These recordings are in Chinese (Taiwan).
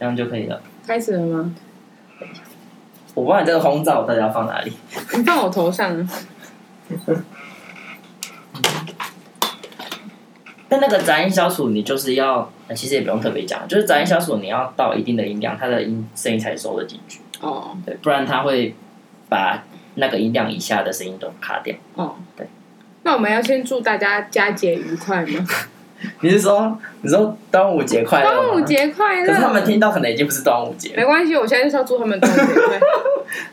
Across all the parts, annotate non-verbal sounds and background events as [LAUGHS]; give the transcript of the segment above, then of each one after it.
這樣就可以了。開始了嗎？我不知道你這個風罩到底要放哪裡。你放我頭上了。那 [LAUGHS] 那個雜音消除，你就是要，其實也不用特別講，就是雜音消除，你要到一定的音量，它的音聲音才收得進去。哦。對，不然它會把那個音量以下的聲音都卡掉。哦，對。那我們要先祝大家佳節愉快嗎？ [LAUGHS] 你是說，你說端午節快樂？端午節快樂！可是他們聽到可能已經不是端午節，沒關係，我現在就是要祝他們端午節快樂。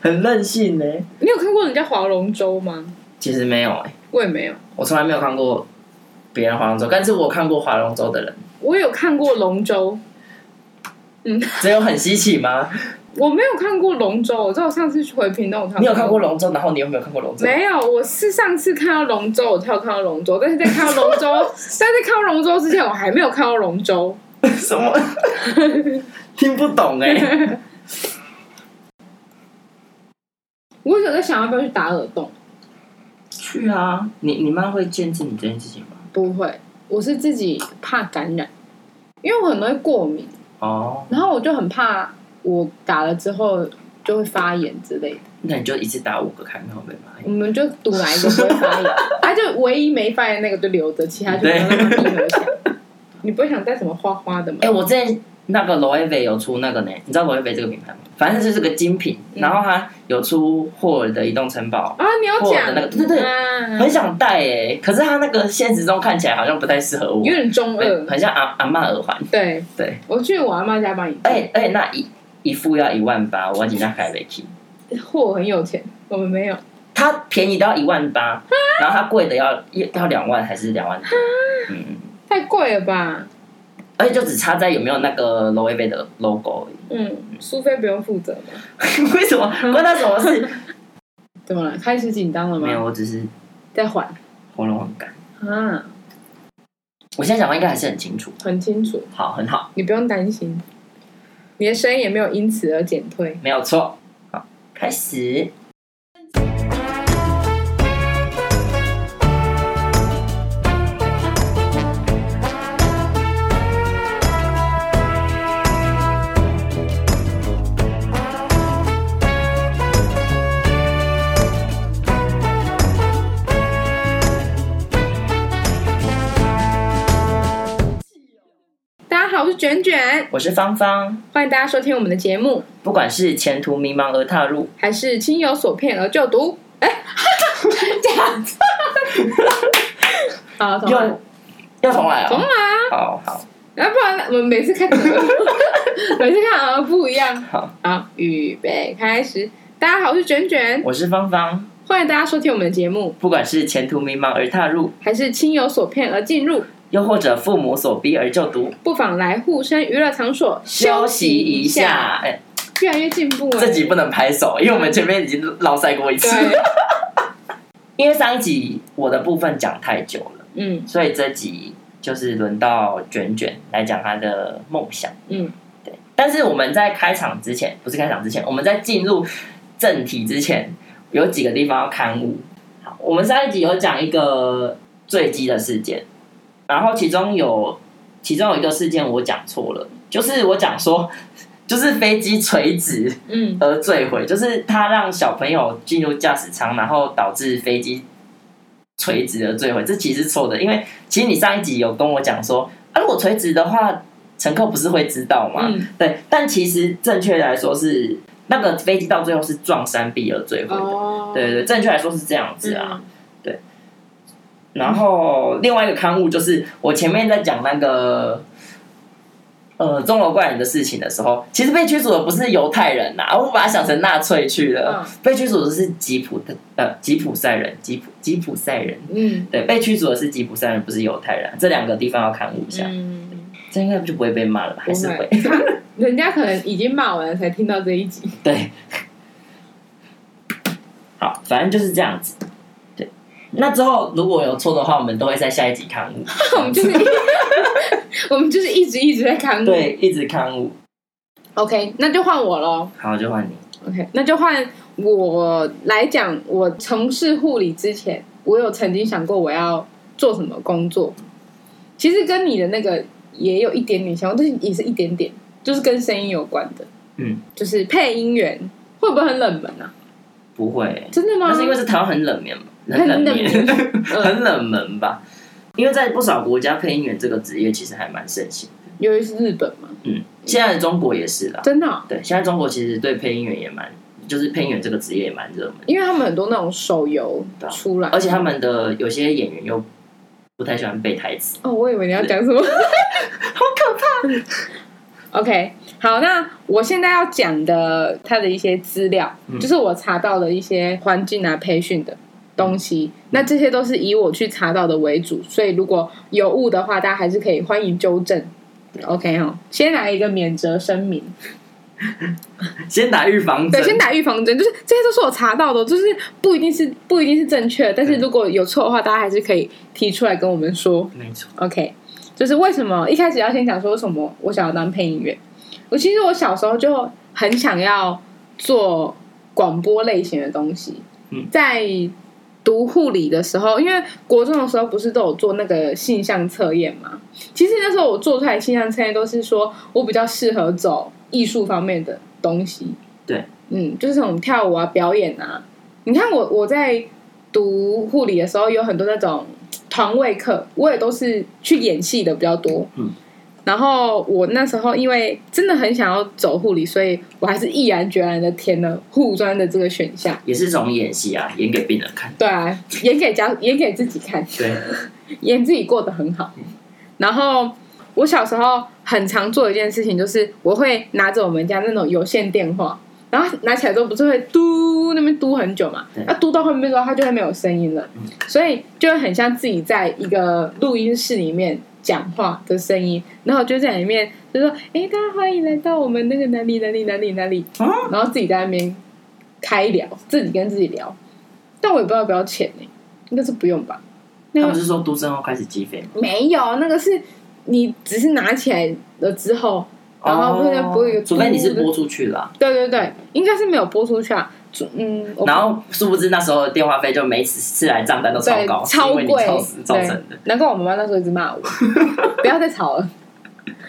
[LAUGHS] 對，很任性呢、欸。你有看過人家划龍舟嗎？其實沒有誒、欸，我也沒有，我從來沒有看過別人划龍舟，但是我看過划龍舟的人，我有看過龍舟。嗯，這有很稀奇嗎？我沒有看過龍舟，我知道我上次去回屏東，你有看過龍舟，然後你有沒有看過龍舟？沒有，我是上次看到龍舟，我跳看到龍舟，但是在看到龍舟，但 [LAUGHS] 是在，在看到龍舟之前，我還沒有看到龍舟。什麼？ [LAUGHS] 聽不懂哎！ [LAUGHS] 我有在想要不要去打耳洞？去啊！你你媽會見證你這件事情嗎？不會，我是自己怕感染，因為我很容易過敏哦，oh. 然後我就很怕。我打了之後就會發炎之類的，那你就一次打五個看有沒有發炎。我們就賭哪一個就不會發炎，他、 [LAUGHS] 啊、就唯一沒發炎那個就留着，其他就沒有刻下。你不會想戴什麼花花的嗎？哎、欸，我之前那個 LOEWE 有出那個呢，你知道 LOEWE 這個品牌嗎？反正就是個精品、嗯，然後他有出霍爾的移動城堡啊，你要講的那個對對，對、啊、很想戴，哎、欸，可是他那個現實中看起來好像不太適合我，有點中二，很像阿阿媽耳環。對對，我去我阿媽家幫你戴。哎、欸、哎、欸，那以一副要一萬八，我忘記叫凱雷奇。貨很有錢，我們沒有。他便宜到一萬八、啊，然後他貴的要一到兩萬還是兩萬多、啊？嗯，太貴了吧？而且就只差在有沒有那個 Louis Vuitton 的 logo 而已嗯。嗯，蘇菲不用負責。 [LAUGHS] 為什麼？關他什麼事？ [LAUGHS] 怎麼了？開始緊張了嗎？沒有，我只是在緩，喉嚨很乾。啊，我現在講話應該還是很清楚，很清楚。好，很好，你不用擔心。你的聲音也沒有因此而減退，沒有錯。好，開始。捲捲，我是芳芳，歡迎大家收聽我們的節目。不管是前途迷茫而踏入，還是親友所騙而就讀，哎、欸， [LAUGHS] 這樣子 [LAUGHS] 好要，好，重來，要重來哦，重來，好好，那、啊、不然我們每次看， [LAUGHS] 每次看好像不一樣。好，好，預備開始，大家好，我是捲捲，我是芳芳，歡迎大家收聽我們的節目。不管是前途迷茫而踏入，還是親友所騙而進入。又或者父母所逼而就讀，不妨來護森娛樂場所休息一下。哎，越來越進步、欸。這集不能拍手，因為我們前面已經嘮曬過一次。 [LAUGHS] 因為上一集我的部分講太久了，嗯，所以這集就是輪到卷卷來講他的夢想，嗯，對。但是我們在開場之前，不是開場之前，我們在進入正題之前，有幾個地方要勘誤。好，我們上一集有講一個墜機的事件。然後其中有其中有一個事件我講錯了，就是我講說就是飛機垂直而嗯，而墜毀，就是他讓小朋友進入駕駛艙，然後導致飛機垂直而墜毀，這其實錯的，因為其實你上一集有跟我講說，啊如果垂直的話，乘客不是會知道嗎？嗯、對，但其實正確來說是那個飛機到最後是撞山壁而墜毀的、哦，對對對，正確來說是這樣子啊，嗯、對。然後另外一個勘誤就是我前面在講那個呃鐘樓怪人的事情的時候，其實被驅逐的不是猶太人吶、啊，我不把它想成納粹去了、哦。被驅逐的是吉普的、呃、吉普賽人吉普吉普賽人，嗯，對，被驅逐的是吉普賽人，不是猶太人、啊。這兩個地方要勘誤一下，嗯、這應該就不會被罵了吧？還是會？ [LAUGHS] 人家可能已經罵完了才聽到這一集。對，好，反正就是這樣子。那之後，如果有錯的話，我們都會在下一集勘誤。 [LAUGHS] 我們就是， [LAUGHS] 我們就是一直一直在勘誤。對，一直勘誤。OK，那就換我咯。好，就換你。OK，那就換我來講。我從事護理之前，我有曾經想過我要做什麼工作。其實跟你的那個也有一點點相關，但是也是一點點，就是跟聲音有關的。嗯，就是配音員，會不會很冷門啊？不會，真的嗎？那是因為是台灣，很冷門。很冷門，很冷門， [LAUGHS] 很冷門吧、嗯？因為在不少國家，配音員這個職業其實還蠻盛行，因尤其是日本嘛，嗯，現在中國也是啦，真、嗯、的。對，現在中國其實對配音員也蠻，就是配音員這個職業也蠻熱門，因為他們很多那種手遊出來的、啊，而且他們的有些演員又不太喜歡背台詞。哦，我以為你要講什麼， [LAUGHS] 好可怕。 [LAUGHS] OK，好，那我現在要講的他的一些資料、嗯，就是我查到的一些環境啊培訓的。東西，那這些都是以我去查到的為主，所以如果有誤的話，大家還是可以歡迎糾正。OK 哦，先來一個免責聲明，先打預防針 [LAUGHS] 對，先打預防針，就是這些都是我查到的，就是不一定是不一定是正確，但是如果有錯的話，大家還是可以提出來跟我們說。沒錯，OK，就是為什麼一開始要先講說什麼我想要當配音員？我其實我小時候就很想要做廣播類型的東西，嗯、在。讀護理的時候，因為國中的時候不是都有做那個性向測驗嘛？其實那時候我做出來的性向測驗都是說我比較適合走藝術方面的東西。對，嗯，就是這種跳舞啊、表演啊。你看我我在讀護理的時候，有很多那種團位課，我也都是去演戲的比較多。嗯。然後我那時候因為真的很想要走護理，所以我還是毅然決然的填了護專的這個選項。也是這種演戲啊，演給病人看。對啊，演給家，演給自己看。對， [LAUGHS] 演自己過得很好。然後我小時候很常做一件事情，就是我會拿着我們家那種有線電話，然後拿起來之後不是會嘟那邊嘟很久嘛？那、啊、嘟到後面之後，它就會沒有聲音了，嗯、所以就會很像自己在一個錄音室裡面。講話的聲音，然後就在裡面就說：“哎、欸，大家歡迎來到我們那個哪裡哪裡哪裡哪裡。啊”然後自己在那邊開聊，自己跟自己聊。但我也不知道要不要錢呢，應該是不用吧？那個、他們不是說獨生後開始計費嗎？沒有，那個是你只是拿起來了之後，然後後面再播一個。那、哦、你是播出去了。對對對，應該是沒有播出去啊。嗯，然後殊不知那時候電話費就每次次來賬單都超高，超貴，超神的。難怪我媽媽那時候一直罵我， [LAUGHS] 不要再吵了。 [LAUGHS]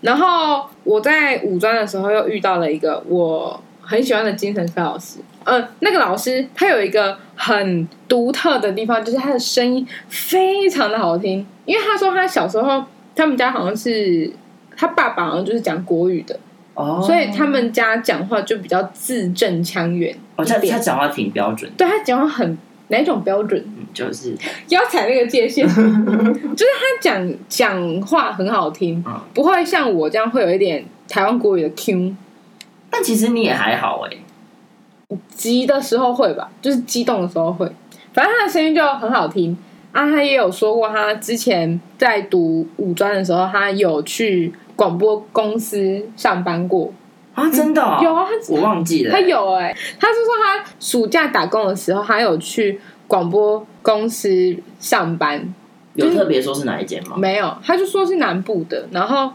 然後我在五專的時候又遇到了一個我很喜歡的精神科老師，嗯、呃，那個老師他有一個很獨特的地方，就是他的聲音非常的好聽。因為他說他小時候他們家好像是他爸爸，好像就是講國語的。Oh. 所以他們家講話就比較字正腔圓，oh，哦，他他講話挺標準，對他講話很哪種標準？嗯、就是要踩那個界限， [LAUGHS] 就是他講講話很好聽，嗯，不會像我這樣會有一點台灣國語的 Q、嗯。但其實你也還好哎，欸，急的時候會吧，就是激動的時候會，反正他的聲音就很好聽。啊，他也有說過，他之前在讀五專的時候，他有去。廣播公司上班過啊？真的，哦嗯、有啊他？我忘記了、欸，他有哎、欸。他是說他暑假打工的時候，他有去廣播公司上班。有特別說是哪一間嗎、嗯？沒有，他就說是南部的，然後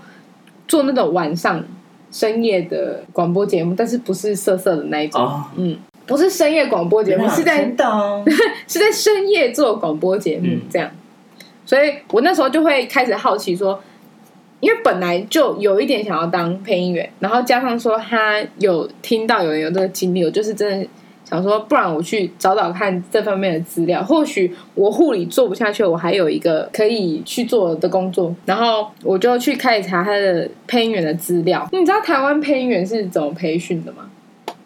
做那種晚上深夜的廣播節目，但是不是色色的那一種、哦。嗯，不是深夜廣播節目，真的是在是在深夜做廣播節目、嗯、這樣。所以我那時候就會開始好奇說，因為本來就有一點想要當配音員，然後加上說他有聽到有人有這個經歷，我就是真的想說，不然我去找找看這方面的資料。或許我護理做不下去，我還有一個可以去做的工作。然後我就去開始查他的配音員的資料。你知道台灣配音員是怎麼培訓的嗎？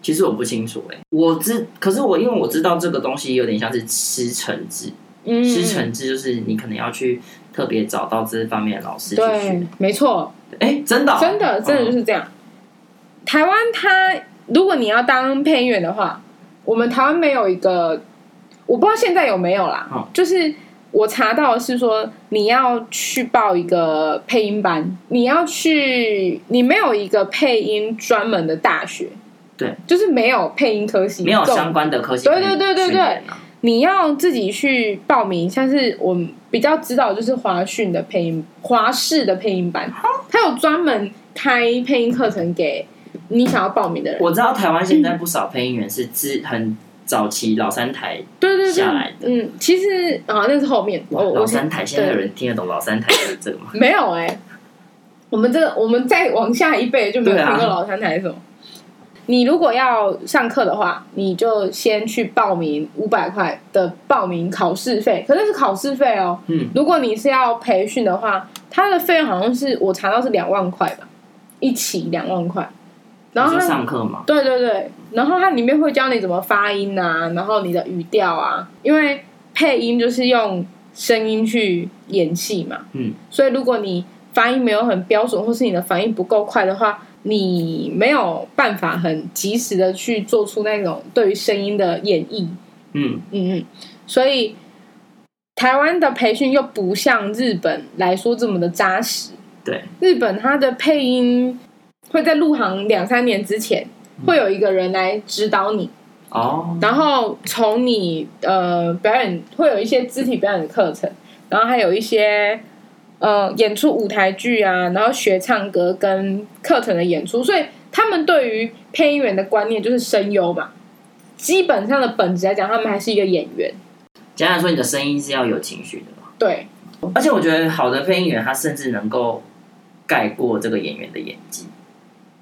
其實我不清楚哎、欸，我知，可是我因為我知道這個東西有點像是師承制，師承制就是你可能要去。特別找到這方面的老師去學。對，沒錯。哎、欸，哦，真的，真的,真的就是這樣。哦、台灣，它如果你要當配音員的話，我們台灣沒有一個，我不知道現在有沒有啦。哦、就是我查到是說，你要去報一個配音班，你要去，你沒有一個配音專門的大學，對，就是沒有配音科系，沒有相關的科系，啊。對對對對對，你要自己去報名，像是我。比較知道的就是華訊的配音，華視的配音班，他有專門開配音課程給你想要報名的人。我知道台灣現在不少配音員是知很早期老三台，對對下來的對對對。嗯，其實啊，那是後面老老三台，現在有人聽得懂老三台的這個嗎？ [LAUGHS] 沒有，哎、欸，我們這個、我們再往下一輩就沒有聽過老三台什麼。你如果要上課的話，你就先去報名五百塊的報名考試費，可那是考試費哦。嗯，如果你是要培訓的話，它的費用好像是我查到是兩萬塊吧，一起兩萬塊。然後上課嘛，對對對，然後它裡面會教你怎麼發音啊，然後你的語調啊，因為配音就是用聲音去演戲嘛。嗯，所以如果你發音沒有很標準，或是你的反應不夠快的話。你沒有辦法很及時的去做出那種對於聲音的演繹，嗯嗯嗯，所以台灣的培訓又不像日本來說這麼的扎實。對，日本他的配音會在入行兩三年之前，嗯、會有一個人來指導你哦，然後從你呃表演會有一些肢體表演的課程，然後還有一些。呃，演出舞台劇啊，然後學唱歌跟課程的演出，所以他們對於配音員的觀念就是聲優嘛。基本上的本質來講，他們還是一個演員。簡單來說，你的聲音是要有情緒的嘛？對。而且我覺得好的配音員，他甚至能夠蓋過這個演員的演技。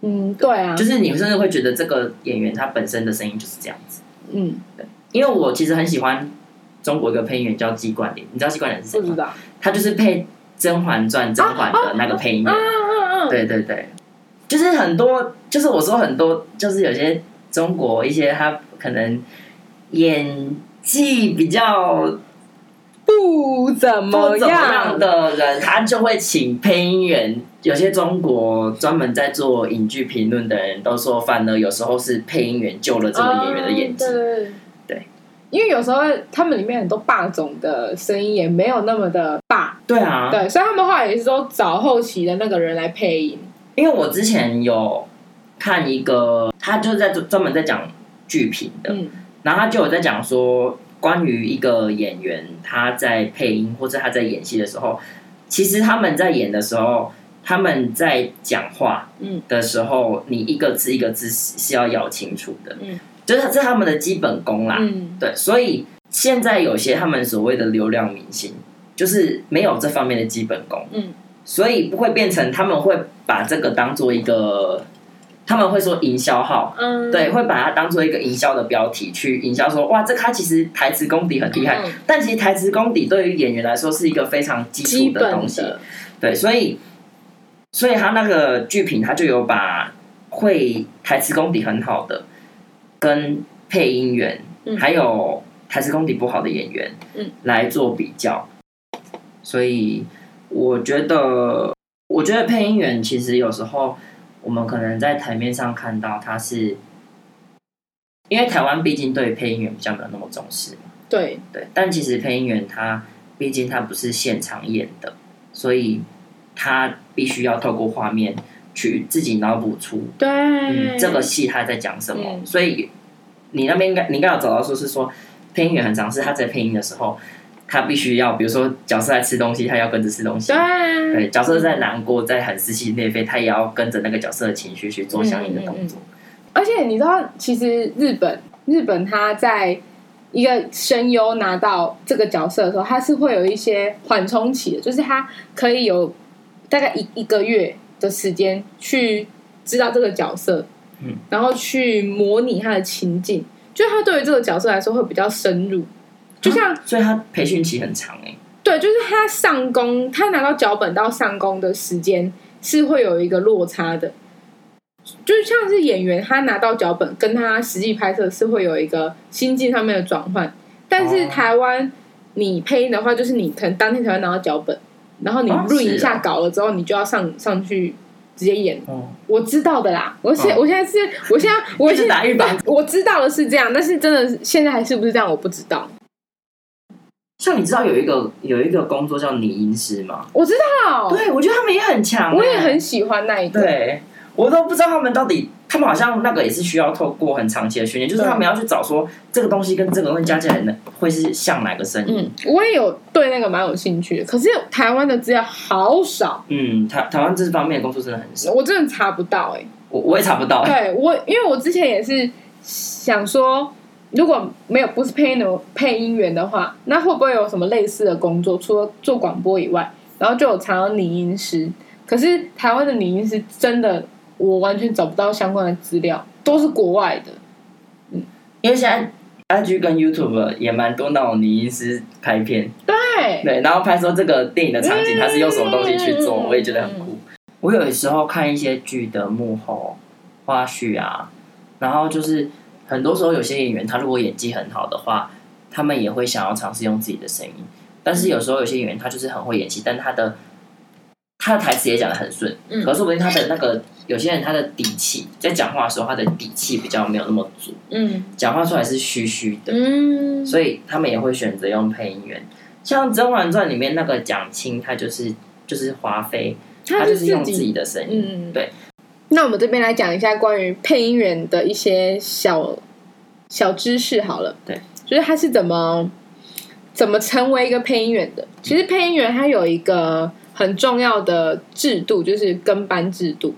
嗯，對啊。就是你甚至會覺得這個演員他本身的聲音就是這樣子。嗯，對。因為我其實很喜歡中國一個配音員叫季冠霖，你知道季冠霖是誰嗎？他就是配、嗯。《甄嬛傳》甄嬛的那個配音員，啊啊啊啊，對對對，就是很多，就是我說很多，就是有些中國一些他可能演技比較不怎麼樣的人，他就會請配音員。有些中國專門在做影劇評論的人都說，反而有時候是配音員救了這個演員的演技。啊因為有時候他們裡面很多霸總的聲音，也沒有那麼的霸，對啊，對，所以他們話也是說找後期的那個人來配音。因為我之前有看一個，他就是在專門在講劇評的，嗯，然後他就有在講說，關於一個演員他在配音或者他在演戲的時候，其實他們在演的時候，他們在講話嗯的時候，嗯，你一個字一個字是要咬清楚的，嗯。就是這是他們的基本功啦，嗯，對，所以現在有些他們所謂的流量明星，就是沒有這方面的基本功，嗯，所以不會變成他們會把這個當做一個，他們會說營銷號，嗯，對，會把它當做一個營銷的標題去營銷，說哇，這個，他其實台詞功底很厲害，嗯嗯，但其實台詞功底對於演員來說是一個非常基礎的東西的的，對，所以，所以他那個劇品，他就有把會台詞功底很好的。跟配音員，嗯、還有台詞功底不好的演員、嗯，來做比較。所以我覺得，我覺得配音員其實有時候，我們可能在台面上看到他是，因為台灣畢竟對配音員比較沒有那麼重視嘛。對對，但其實配音員他，畢竟他不是現場演的，所以他必須要透過畫面。去自己腦補出，對。嗯、這個戲他在講什麼、嗯？所以你那邊應該，你應該有找到說是說配音員很常是他在配音的時候，他必須要，比如說角色在吃東西，他要跟着吃東西，對、啊；對，角色在難過，在很撕心裂肺，他也要跟着那個角色的情緒去做相應的動作、嗯嗯。而且你知道，其實日本日本他在一個聲優拿到這個角色的時候，他是會有一些緩衝期的，就是他可以有大概一一個月。的時間去知道這個角色，嗯，然後去模擬他的情境，就他對於這個角色來說會比較深入，就像，啊，所以他培訓期很長哎，欸，對，就是他上工，他拿到腳本到上工的時間是會有一個落差的，就像是演員他拿到腳本跟他實際拍攝是會有一個心境上面的轉換，但是台灣，哦，你配音的話，就是你可能當天才會拿到腳本。然後你潤一下稿了之後，你就要上，啊啊、上，上去直接演，嗯。我知道的啦，我現我現在是、嗯，我現在我現在、嗯、是一直打我知道的是這樣，嗯、但是真的現在還是不是這樣，我不知道。像你知道有一個有一個工作叫擬音師嗎？我知道，對，我覺得他們也很強，我也很喜歡那一對，我都不知道他們到底。他們好像那個也是需要透過很長期的訓練，就是他們要去找說，這個東西跟這個東西加起來，那會是像哪個聲音？嗯，我也有對那個蠻有興趣的，可是台灣的資料好少。嗯，台台灣這方面的工作真的很少，我真的查不到哎、欸，我我也查不到哎、欸。對，我因為我之前也是想說，如果沒有不是配音的配音員的話，那會不會有什麼類似的工作？除了做廣播以外，然後就有查到擬音師，可是台灣的擬音師真的。我完全找不到相關的資料，都是國外的。因為現在 IG、嗯、跟 YouTube 也蠻多那種擬音師拍片，對對，然後拍說這個電影的場景、嗯，他是用什麼東西去做，我也覺得很酷。嗯、我有時候看一些劇的幕後花絮啊，然後就是很多時候有些演員他如果演技很好的話，他們也會想要嘗試用自己的聲音。但是有時候有些演員他就是很會演戲、嗯，但他的他的台詞也講得很順、嗯，可是說不定他的那個。 [LAUGHS] 有些人他的底氣，在講話的時候，他的底氣比較沒有那麼足，嗯，講話出來是虛虛的，嗯，所以他們也會選擇用配音員。像《甄嬛傳》裡面那個蔣青，他就是就是華妃，他就是用自己的聲音，嗯。對，那我們這邊來講一下關於配音員的一些小小知識好了，對，就是他是怎麼怎麼成為一個配音員的？其實配音員他有一個很重要的制度，就是跟班制度。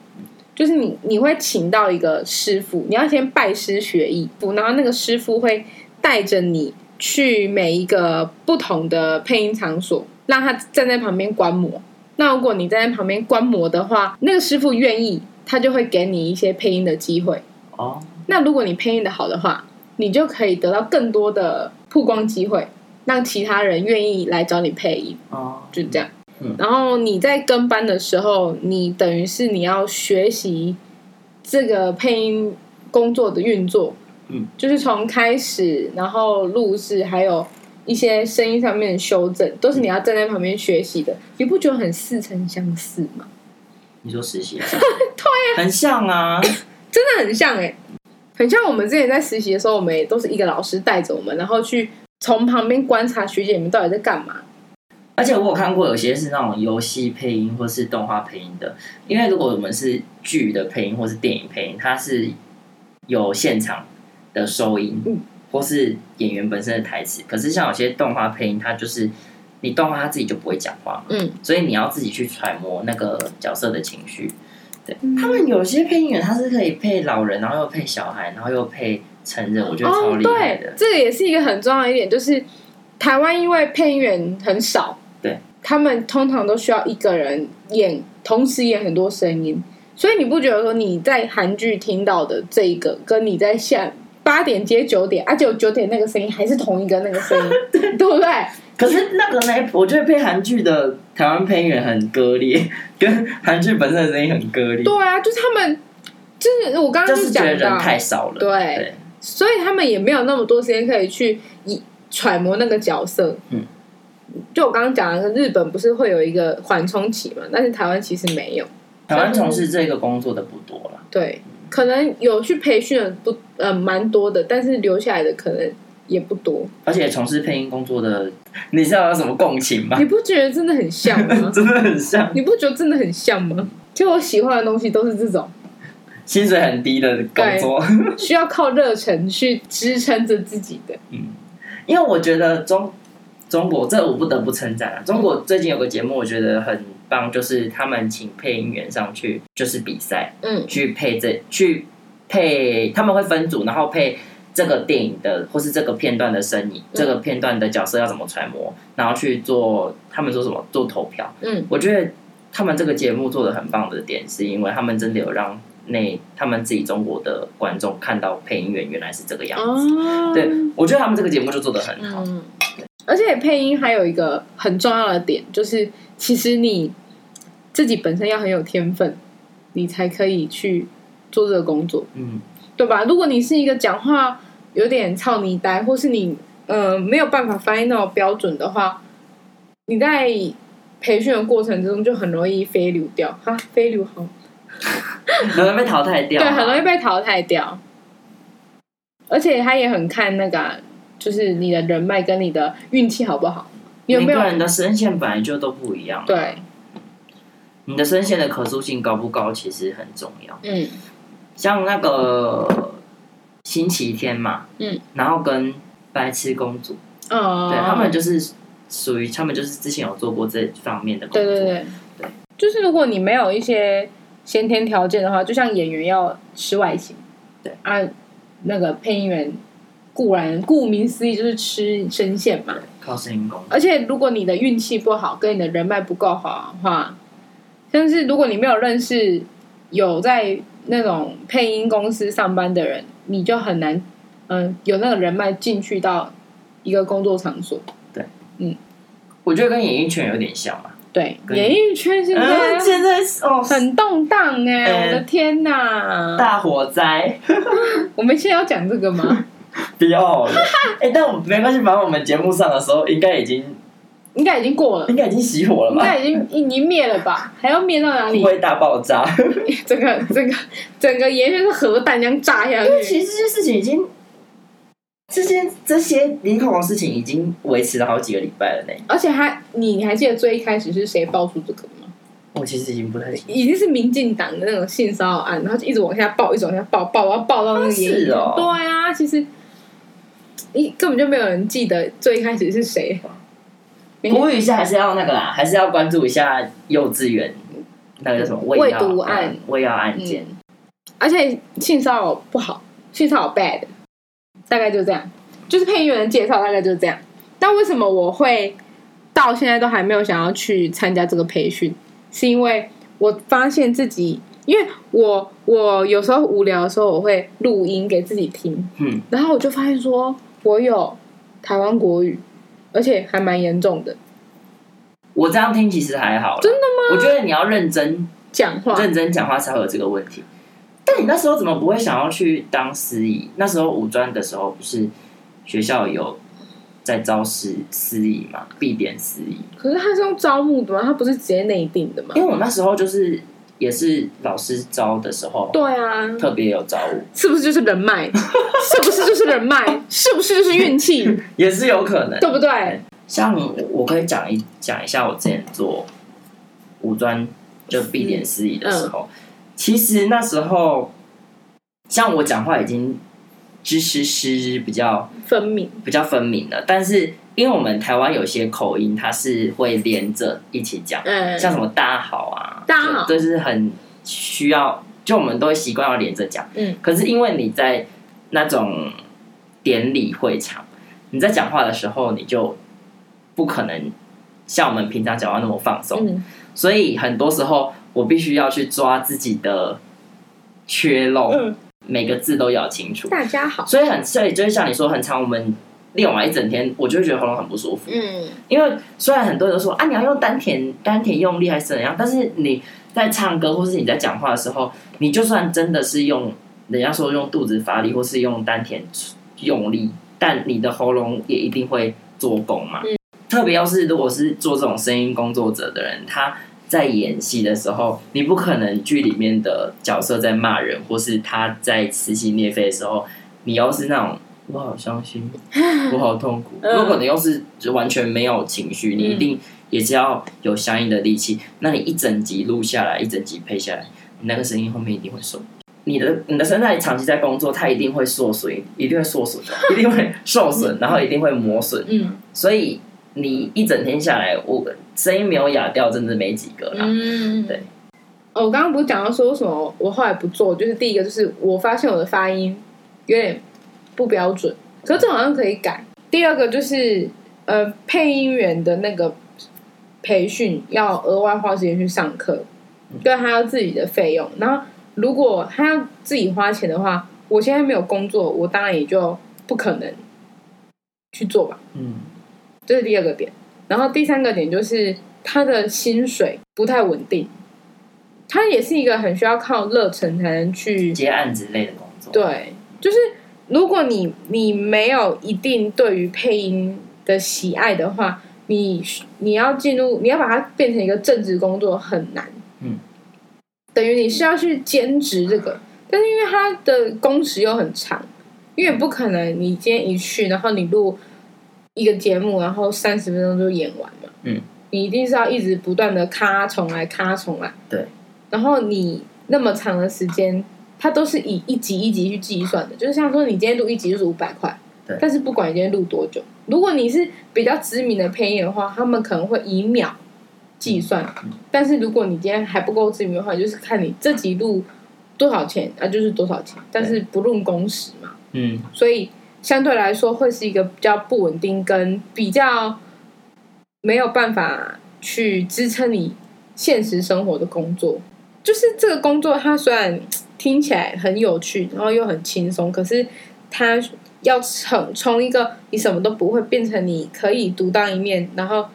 就是你，你會請到一個師傅，你要先拜師學藝，然後那個師傅會帶着你去每一個不同的配音場所，讓他站在旁邊觀摩。那如果你站在旁邊觀摩的話，那個師傅願意，他就會給你一些配音的機會。哦、oh.，那如果你配音的好的話，你就可以得到更多的曝光機會，讓其他人願意來找你配音。哦、oh.，就這樣。嗯、然後你在跟班的時候，你等於是你要學習這個配音工作的運作，嗯，就是從開始，然後錄製，還有一些聲音上面的修正，都是你要站在旁邊學習的。你不覺得很似曾相似嗎？你說實習、啊？ [LAUGHS] 對、啊、很像啊 [COUGHS] ，真的很像哎、欸，很像我們之前在實習的時候，我們也都是一個老師帶着我們，然後去從旁邊觀察學姐你們到底在幹嘛。而且我有看過有些是那種遊戲配音或是動畫配音的，因為如果我們是劇的配音或是電影配音，它是有現場的收音，嗯、或是演員本身的台詞。可是像有些動畫配音，它就是你動畫它自己就不會講話，嗯，所以你要自己去揣摩那個角色的情緒。對、嗯、他們有些配音員，他是可以配老人，然後又配小孩，然後又配成人，我覺得超厲害的、哦。對、這個也是一個很重要的一點，就是台灣因為配音員很少，他們通常都需要一個人演，同時演很多聲音，所以你不覺得說你在韓劇聽到的這一個，跟你在下八點接九點，而且九點那個聲音還是同一個那個聲音， [LAUGHS] 對，對不對？可是那個呢？我覺得配韓劇的台灣配音員很割裂，跟韓劇本身的聲音很割裂。對啊，就是他們就是我剛剛就，就是覺得人太少了對，對，所以他們也沒有那麼多時間可以去以揣摩那個角色，嗯。就我剛剛講的，日本不是會有一個緩衝期嘛？但是台灣其實沒有。台灣從事這個工作的不多了。對、嗯，可能有去培訓的不呃蠻多的，但是留下來的可能也不多。而且從事配音工作的，你知道有什麼共情嗎？你不覺得真的很像嗎？ [LAUGHS] 真的很像。你不覺得真的很像嗎？就我喜歡的東西都是這種，薪水很低的工作，需要靠熱忱去支撐着自己的。 [LAUGHS] 嗯，因為我覺得中。中國這個、我不得不稱讚、嗯、中國最近有個節目，我覺得很棒，就是他們請配音員上去，就是比賽，嗯，去配這去配，他們會分組，然後配這個電影的或是這個片段的聲音、嗯，這個片段的角色要怎麼揣摩，然後去做他們做什麼做投票，嗯，我覺得他們這個節目做的很棒的點，是因為他們真的有讓那他們自己中國的觀眾看到配音員原來是這個樣子，嗯、對我覺得他們這個節目就做的很好。嗯而且配音還有一個很重要的點，就是其實你自己本身要很有天分，你才可以去做這個工作，嗯，對吧？如果你是一個講話有點臭奶呆，或是你呃沒有辦法發音那麼標準的話，你在培訓的過程之中就很容易 fail 掉，哈，fail 好，很容易被淘汰掉，對，很容易被淘汰掉。 [LAUGHS] 而且他也很看那個。就是你的人脈跟你的運氣好不好？你有沒有，每個人的聲線本來就都不一樣，嗯。對，你的聲線的可塑性高不高，其實很重要。嗯，像那個星期天嘛，嗯，然後跟白痴公主，嗯，對他們就是屬於他們就是之前有做過這方面的工作。對對對對，就是如果你沒有一些先天條件的話，就像演員要吃外型，對，按、啊、那個配音員。固然，顧名思義就是吃聲線嘛。靠聲功。而且，如果你的運氣不好，跟你的人脈不夠好的話，但是如果你沒有認識有在那種配音公司上班的人，你就很難嗯有那個人脈進去到一個工作場所。嗯。對，嗯，我覺得跟演藝圈有點像嘛。對，演藝圈現在真的是哦很動盪哎，我的天哪，大火災 [LAUGHS] 。我們現在要講這個嗎？ [LAUGHS] 不要了，哎、 [LAUGHS] 欸，但我沒關係。反正我們節目上的時候，應該已經，應該已經過了，應該已經熄火了吧？應該已經已經滅了吧？還要滅到哪裡？不會大爆炸， [LAUGHS] 整個整個整個演藝圈是核彈這樣炸下去。因為其實這些事情已經，這些這些林口的事情已經維持了好幾個禮拜了呢。而且他，你你還記得最一開始是誰爆出這個嗎？我其實已經不太記得，已經是民進黨的那種性騷擾案，然後就一直往下爆，一直往下爆，爆，然後爆到那個啊、哦、對啊，其實。根本就沒有人記得最開始是誰。呼籲一下，還是要那個啦，還是要關注一下幼稚園那個叫什麼餵藥案、嗯、餵藥案件。嗯、而且性騷擾不好，性騷擾 bad。大概就這樣，就是配音員的介紹大概就是這樣。但為什麼我會到現在都還沒有想要去參加這個培訓？是因為我發現自己，因為我我有時候無聊的時候，我會錄音給自己聽，嗯，然後我就發現說。我有台灣國語，而且還蠻嚴重的。我這樣聽其實還好，真的嗎？我覺得你要認真講話，認真講話才會有這個問題。但你那時候怎麼不會想要去當司儀、嗯？那時候五專的時候不是學校有在招司司儀嘛，必點司儀。可是他是用招募的嗎？他不是直接內定的嘛，因為我那時候就是。也是老師招的時候，對啊，特別有招，是不是就是人脈？ [LAUGHS] 是不是就是人脈？ [LAUGHS] 是不是就是運氣？也是有可能，對不對？像我可以講一講一下我之前做五專就畢典司儀的時候，嗯，其實那時候像我講話已經知識是比較分明，比較分明了，但是。因為我們台灣有些口音，它是會連着一起講、嗯，像什麼“大好”啊，“大好”就就是很需要，就我們都會習慣要連着講。嗯，可是因為你在那種典禮會場，你在講話的時候，你就不可能像我們平常講話那麼放鬆、嗯，所以很多時候我必須要去抓自己的缺漏、嗯，每個字都要清楚。大家好，所以很所以就是像你說很常，我們。練完一整天，我就會覺得喉嚨很不舒服。嗯，因為雖然很多人都說啊，你要用丹田，丹田用力還是怎樣，但是你在唱歌或是你在講話的時候，你就算真的是用人家說用肚子發力或是用丹田用力，但你的喉嚨也一定會做功嘛。嗯，特別要是如果是做這種聲音工作者的人，他在演戲的時候，你不可能劇裡面的角色在罵人或是他在撕心裂肺的時候，你要是那種。我好傷心，我好痛苦、呃。如果你要是就完全沒有情緒、嗯，你一定也是要有相應的力氣。那你一整集錄下來，一整集配下來，你那個聲音後面一定會受你的你的聲帶長期在工作，它一定會受損，一定會受損、嗯，一定會受損、嗯，然後一定會磨損。嗯，所以你一整天下來，我聲音沒有啞掉，真的沒幾個了。嗯，對。哦、我剛剛不是講到說什麼？我後來不做，就是第一個，就是我發現我的發音有點。不標準，可是這好像可以改、嗯。第二個就是，呃，配音員的那個培訓要額外花時間去上課、嗯，對，他要自己的費用。然後如果他要自己花錢的話，我現在沒有工作，我當然也就不可能去做吧。嗯，這、就是第二個點。然後第三個點就是他的薪水不太穩定，他也是一個很需要靠熱忱才能去接案之類的工作。對，就是。如果你你沒有一定對於配音的喜愛的話，你你要進入，你要把它變成一個正職工作很難。嗯，等於你是要去兼職這個，但是因為它的工時又很長，因為不可能你今天一去，然後你錄一個節目，然後三十分鐘就演完嘛。嗯，你一定是要一直不斷的咔重來，咔重來。對，然後你那麼長的時間。它都是以一集一集去計算的，就是像說你今天錄一集就是五百塊，對。但是不管你今天錄多久，如果你是比較知名的配音的話，他們可能會以秒計算，嗯嗯；但是如果你今天還不夠知名的話，就是看你這集錄多少錢，那、啊、就是多少錢，但是不論工時嘛，嗯。所以相對來說會是一個比較不穩定，跟比較沒有辦法去支撐你現實生活的工作。就是這個工作，它雖然。聽起來很有趣，然後又很輕鬆。可是，他要從從一個你什麼都不會，變成你可以獨當一面，然後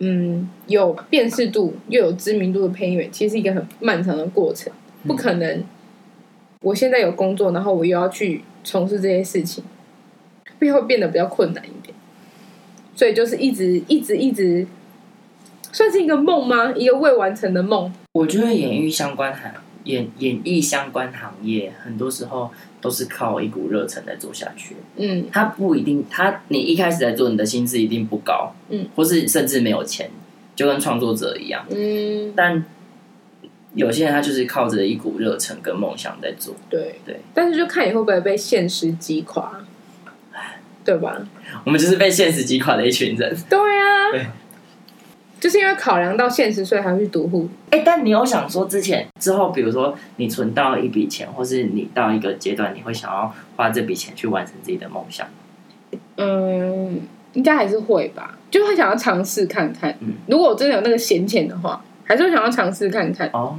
嗯有辨識度又有知名度的配音員，其實是一個很漫長的過程。嗯、不可能，我現在有工作，然後我又要去從事這些事情，會會變得比較困難一點。所以就是一直一直一直，算是一個夢嗎？一個未完成的夢？我覺得演藝相關還。嗯演演藝相關行業，很多時候都是靠一股熱忱在做下去。嗯，他不一定，他你一開始在做，你的薪資一定不高。嗯，或是甚至沒有錢，就跟創作者一樣。嗯，但有些人他就是靠着一股熱忱跟夢想在做。對對，但是就看你會不會被現實擊垮，對吧？我們就是被現實擊垮的一群人。對啊。對就是因為考量到現實，所以還是去讀護。哎，但你有想說之前之後，比如說你存到一筆錢，或是你到一個階段，你會想要花這筆錢去完成自己的夢想？嗯，應該還是會吧，就會想要嘗試看看。嗯，如果我真的有那個閒錢的話，還是會想要嘗試看看、嗯、哦。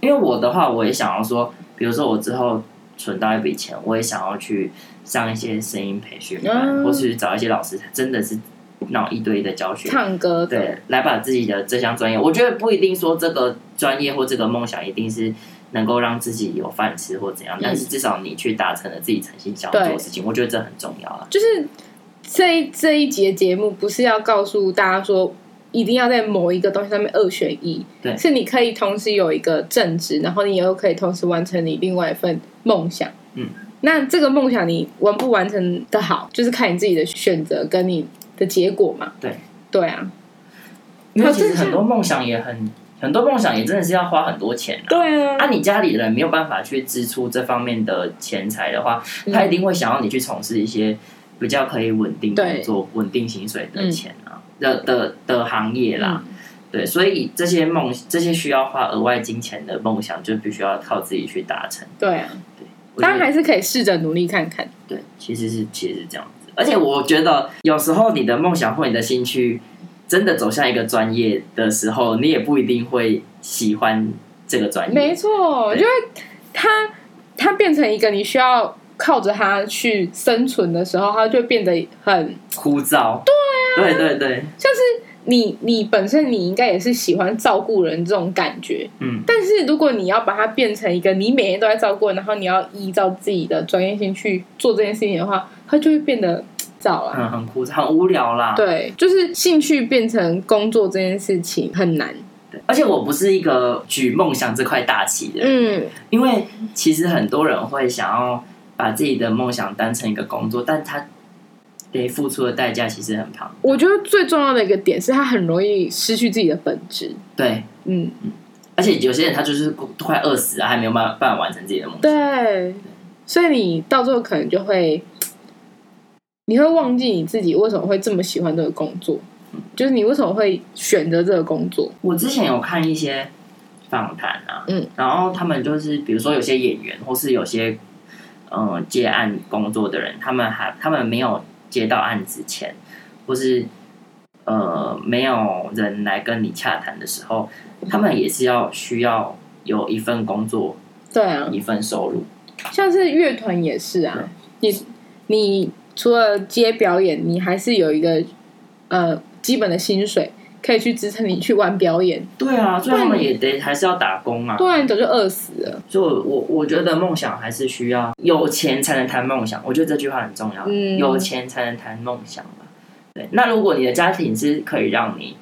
因為我的話，我也想要說，比如說我之後存到一筆錢，我也想要去上一些聲音培訓班、嗯，或是找一些老師，真的是。然後一堆的教學唱歌對，對，來把自己的這項專業，我覺得不一定說這個專業或這個夢想一定是能夠讓自己有飯吃或怎樣、嗯，但是至少你去達成了自己誠心想做的事情，我覺得這很重要啊。就是這一這一集節目不是要告訴大家說一定要在某一個東西上面二選一，對，是你可以同時有一個正職，然後你也又可以同時完成你另外一份夢想。嗯，那這個夢想你完不完成的好，就是看你自己的選擇跟你的結果嘛？對對啊，因為其實很多夢想也很很多夢想也真的是要花很多錢、啊。對啊，啊，你家裡人沒有辦法去支出這方面的錢財的話、嗯，他一定會想要你去從事一些比較可以穩定的工作、穩定薪水的錢啊、嗯、的的的行業啦、嗯。對，所以這些夢這些需要花額外金錢的夢想，就必須要靠自己去達成。對、啊、對，當然還是可以試着努力看看。對，對對對，其實是其實是這樣而且我覺得，有時候你的夢想或你的興趣真的走向一個專業的時候，你也不一定會喜歡這個專業。沒錯，因為它它變成一個你需要靠着它去生存的時候，它就變得很枯燥。對啊，對對對，像是你你本身你應該也是喜歡照顧人這種感覺，嗯，但是如果你要把它變成一個你每天都在照顧，然後你要依照自己的專業性去做這件事情的話，它就會變得。嗯，很枯燥，很無聊啦。對，就是興趣變成工作這件事情很難。對，而且我不是一個舉夢想這塊大旗的人。嗯，因為其實很多人會想要把自己的夢想當成一個工作，但他得付出的代價其實很龐大。我覺得最重要的一個點是，他很容易失去自己的本質。對，嗯，嗯，而且有些人他就是快餓死了、啊，還沒有辦法完成自己的夢想。對，所以你到最後可能就會。你會忘記你自己為什麼會這麼喜歡這個工作？嗯，就是你為什麼會選擇這個工作？我之前有看一些訪談啊，嗯，然後他們就是比如說有些演員、嗯、或是有些嗯接案工作的人，他們還他們沒有接到案子前，或是呃沒有人來跟你洽談的時候、嗯，他們也是要需要有一份工作，對啊，一份收入，像是樂團也是啊，你你。你除了接表演，你還是有一個呃基本的薪水，可以去支撐你去玩表演。對啊，他們也得還是要打工啊，對、啊、你早就餓死了。所以我，我我覺得夢想還是需要有錢才能談夢想。我覺得這句話很重要，嗯，有錢才能談夢想嘛。對，那如果你的家庭是可以讓你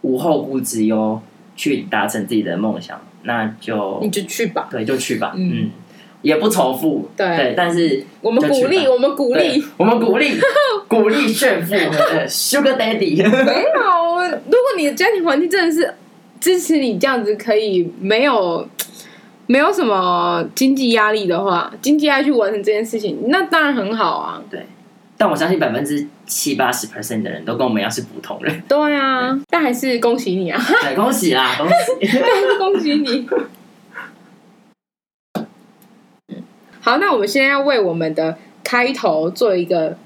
無後顧之憂去達成自己的夢想，那就你就去吧，對，就去吧，嗯。嗯也不仇富，對，但是我們鼓勵，我們鼓勵，我們鼓勵，鼓勵 [LAUGHS] 炫富、呃、Sugar Daddy。沒有，如果你的家庭環境真的是支持你這樣子，可以沒有沒有什麼經濟壓力的話，經濟壓力去完成這件事情，那當然很好啊。對，但我相信百分之七八十 percent 的人都跟我們一樣是普通人。對啊對，但還是恭喜你啊！恭喜啦，恭喜！ [LAUGHS] 但是恭喜你。好，那我們現在要為我們的開頭做一個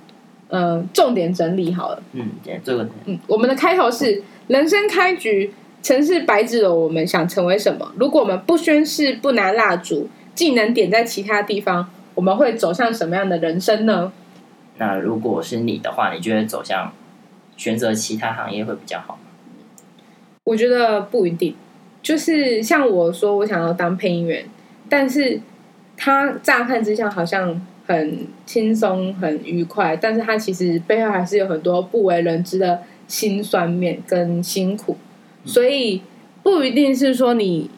呃重點整理好了。嗯，這個。嗯，我們的開頭是、哦、人生開局，曾是白紙的，我們想成為什麼？如果我們不宣誓，不拿蠟燭，技能點在其他地方，我們會走向什麼樣的人生呢、嗯？那如果是你的話，你覺得走向選擇其他行業會比較好嗎？我覺得不一定，就是像我說，我想要當配音員，但是。他乍看之下好像很輕鬆、很愉快，但是他其實背後還是有很多不為人知的辛酸面跟辛苦，所以不一定是說你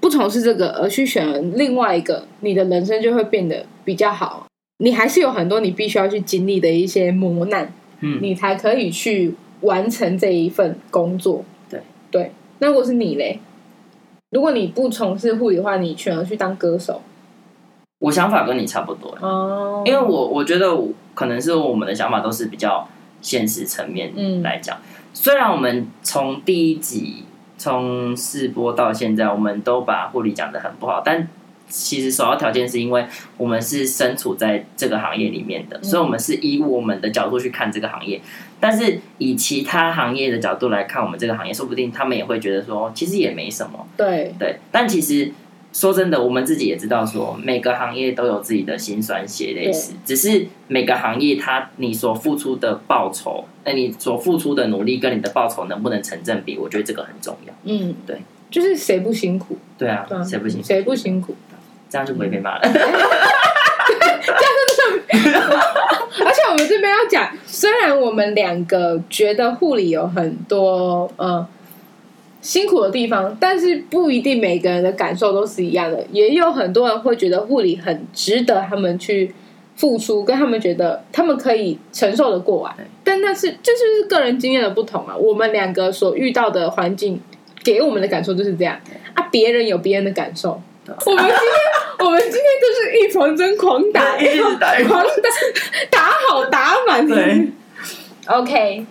不從事這個而去選另外一個，你的人生就會變得比較好。你還是有很多你必須要去經歷的一些磨難，嗯，你才可以去完成這一份工作。對對，那如果是你嘞，如果你不從事護理的話，你選擇去當歌手。我想法跟你差不多，oh, 因為我我覺得我可能是我們的想法都是比較現實層面來講，嗯。雖然我們從第一集從試播到現在，我們都把護理講得很不好，但其實首要條件是因為我們是身處在這個行業裡面的，嗯，所以我們是以我們的角度去看這個行業。但是以其他行業的角度來看，我們這個行業，說不定他們也會覺得說，其實也沒什麼。對對，但其實。說真的，我們自己也知道說，說每個行業都有自己的辛酸血淚史。只是每個行業，它你所付出的報酬，那你所付出的努力跟你的報酬能不能成正比？我覺得這個很重要。嗯，對，就是誰不辛苦？對啊，誰、啊、不辛苦？誰不辛苦？這樣就不會被罵了。這樣是不是？ [LAUGHS] [LAUGHS] 而且我們這邊要講，雖然我們兩個覺得護理有很多，嗯、呃。辛苦的地方，但是不一定每個人的感受都是一樣的。也有很多人會覺得護理很值得他們去付出，跟他們覺得他們可以承受的過完、啊嗯。但那是這就是個人經驗的不同啊。我們兩個所遇到的環境給我們的感受就是這樣啊。別人有別人的感受、嗯。我們今天， [LAUGHS] 我們今天就是預防針狂打， [LAUGHS] 狂打，打好打滿。對，OK，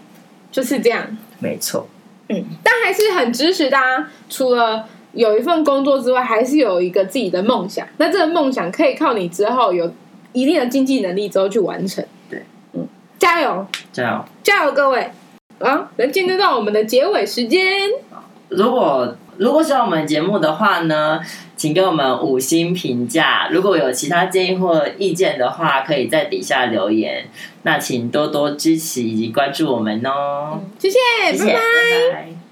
就是這樣。沒錯。嗯、但還是很支持大家除了有一份工作之外，還是有一個自己的夢想。那這個夢想可以靠你之後有一定的經濟能力之後去完成。對，嗯，加油，加油，加油，各位啊！能堅持到我們的結尾時間。如果如果喜歡我們節目的話呢，請給我們五星評價，如果有其他建議或意見的話，可以在底下留言。那請多多支持以及關注我們哦，謝謝，拜拜。Bye bye bye bye